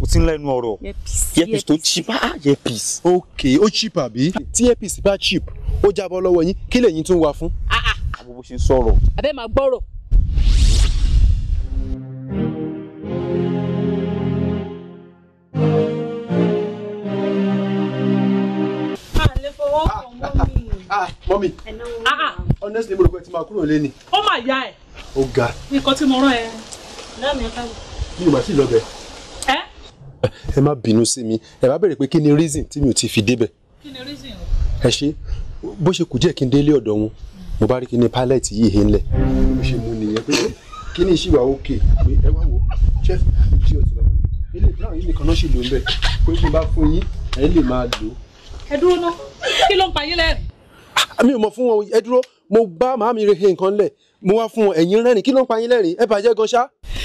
o ti ń lẹ́nu ọ̀rọ̀ earpiece tó cheap ah, ah earpiece. ok ó cheap àbí tí earpiece bá cheap O ó jábọ́ lọ́wọ́ yín kí lèyìn tún Ah fún. Ah. àbò bó ṣe ń sọ̀rọ̀. Ah, máa gbọ́rọ̀. Ah, ah, honestly mo rò pé ti máa kúrò lé ni. ó mà yá ẹ. ó ga. nǹkan tí mo rán ẹ. mi ò bá sì lọ bẹ̀ ẹ má bínú sí mi ẹ bá bèrè pé kí ni reason tí mi ò ti fi débẹ̀. kí ni reason o. ẹ ṣe bó ṣe kù díẹ̀ kí n délé ọ̀dọ̀ wọn mo bá rí kí ni pilot yìí he ńlẹ̀. mo ṣe mú nìyẹn pé kí ni ìṣìwà òkè pé ẹ wá wo chef ìdí ọ̀tí lọ́wọ́ ilé brown yìí nìkan náà ṣì ló ń bẹ̀ pé bí n bá fún yín ẹ lè máa lò. ẹ dúró ná kí ló ń pa yín lẹ́rìn. Ah, mi ò mọ̀ fún wọn ẹ dúró mo bá màámi re he nǹkan lẹ̀ mo wá fún wọn ẹ̀yin kí ló ń pa yín lẹ́rìn ẹ bàjẹ́ gan ṣá.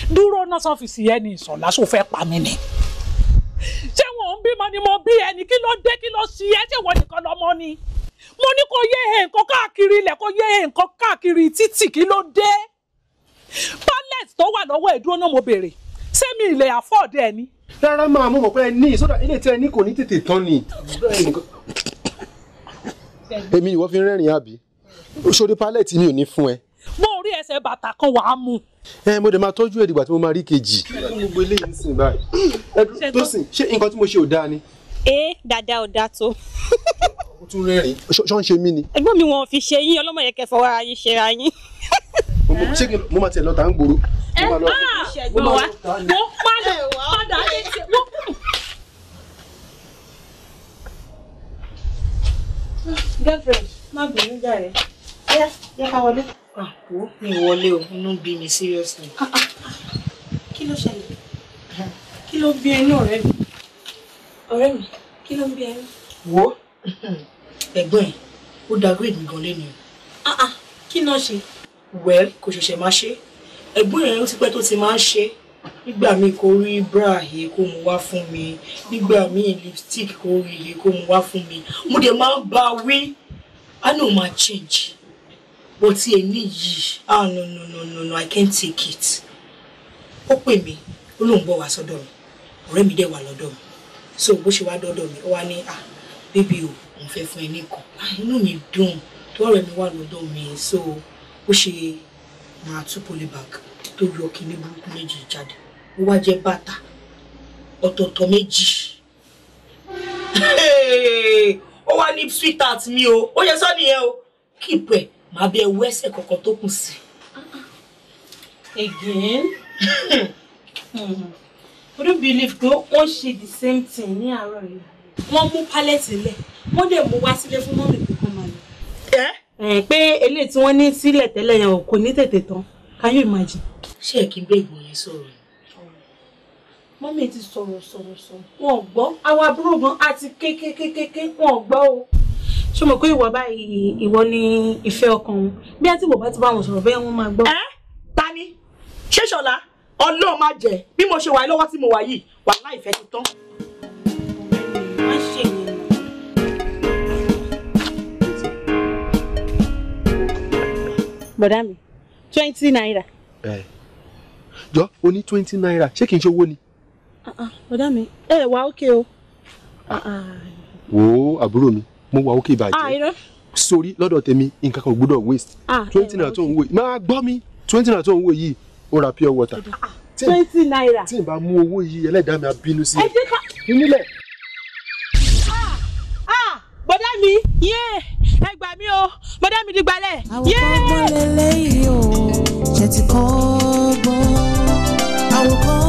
dúró ná sọ́fíìsì yẹn ni ìsọ̀lá sọ fẹ́ pa mí ni ṣé wọn ò ń bímọ ni mo bí ẹni kí ló dé kí ló ṣí ẹ ṣé wọn nìkan lọmọ ni mo ní kó yé he nǹkan káàkiri ilẹ̀ kó yé he nǹkan káàkiri títì kí ló dé pallet tó wà lọ́wọ́ ẹ̀ dúró náà mo béèrè ṣé mi ìlẹ̀ àfọ́ọ̀dẹ ni. rárá máa mú mọ̀ pé ẹ ní ìsọdọ̀ ilé tí ẹ ní kò ní tètè tán ni. èmi ni wọ́n fi ń àbí sórí pallet mi ò ní fún ẹ ẹsẹ̀ bàtà kan wàá mu. ẹ mo dẹ̀ máa tọ́jú ẹ̀ dìgbà tí mo máa rí kejì. gbogbo eléyìí ń sìn báyìí ẹ tó sìn ṣé nǹkan tí mo ṣe ò dáa ni. ee dada ò dáa tó. o tún rẹ́rìn. ṣọ́ ṣe mí ni. ẹgbọ́n mi wọn ò fi ṣe yín ọlọ́mọ yẹn kẹfọ́ ara yín ṣe ra yín. ṣé kí mo máa tẹ̀ lọ́ta ń gbòòrò. ẹ máa ah! mo máa lọ padà padà girlfriend má bínú jàre jẹ́ ká wọlé. àpò ah, mi wọlé o inú bí mi seriously. Ah, ah, kí ló ṣẹlẹ̀ kí ló bí ẹnu ọ̀rẹ́ mi ọ̀rẹ́ mi kí ló ń bí ẹnu. wo ẹ̀gbọ́n ẹ̀ ó da grade mi gan lẹ́nu. kí náà ṣe. well kò ṣẹ̀ṣẹ̀ máa ṣe ẹ̀gbọ́n ẹ̀ ó ti pẹ́ tó ti máa ń ṣe nígbà míì kò rí bra yìí kó mu wá fún mi nígbà míì lipstick kò rí yìí kó mu wá fún mi mo dẹ̀ máa ń bá a wí i no ma change but eléyìí ah no no no no no i can't take it ó pè mí ó lóun bọ̀ wá sọ́dọ̀ mi ọ̀rẹ́ mi dẹ̀ wà lọ́dọ̀ mi so bó ṣe wá dọ́dọ̀ mi ó wá ní ah bébí o òun fẹ́ fún ẹ ní nǹkan ah, inú mi dùn tó ọ̀rẹ́ mi wà lọ́dọ̀ mi so ó ṣe máa tú polybag tó yọ kíní burúkú méjì jáde ó wá jẹ́ bàtà ọ̀tọ̀ọ̀tọ̀ méjì ó wá ní sweet at mi o ó yẹ sọ nìyẹn o keep it màá bí ẹwú ẹsẹ̀ kọ̀ọ̀kan tó kù sí. again hmm. would you believe pé wọ́n ṣe the same thing ní àárọ̀ yìí. wọ́n mú pálẹ̀tì lẹ̀ wọ́n dẹ̀ mú wá sílẹ̀ fún mọ́mì pé kó máa pé eléyìí tí wọ́n ní sílẹ̀ tẹ́lẹ̀ yẹn kò ní tètè tán can you imagine. ṣé ẹ kí n gbé ìgbò yẹn sọ̀rọ̀ ni ti sọ̀rọ̀ sọ̀rọ̀ sọ̀rọ̀ wọn ò àwọn àbúrò gan àti kékékékéké wọn ò o ṣé mo pé ìwọ báyìí ìwọ ni ìfẹ́ ọkàn wọn bí a ti wò bá ti bá wọn sọ̀rọ̀ bẹ́ẹ̀ wọ́n máa gbọ́. ẹ ta ni ṣé ṣọlá ọlọ́run máa jẹ bí mo ṣe wà lọ́wọ́ tí mo wà yìí wà láì fẹ́ ti tán. má ṣe yẹn. bọ̀dá mi twenty naira. ẹ jọ o ní twenty naira ṣé kì í ṣe owó ni. Ah, ah, bọ̀dá mi ẹ wà ókè o. Ah, wo àbúrò mi mo wà ókè ìbàjẹ́ ah, sórí lọ́dọ̀ tèmi nǹkan kan ò gbọ́dọ̀ waste ah, twenty naira tó ń wò yìí máa gbọ́ mi twenty naira tó ń wò yìí ó ra pure water ah, twenty naira tí n bá mú owó yìí ẹlẹ́dàá mi á bínú sí i nílẹ̀. bọ́dá mi yé ẹ gbà mí o bọ́dá mi di gbalẹ̀ yé. àwọn kan gbọ́ lélẹ́yìí o ṣe ti kọ́ gbọ́ àwọn kan.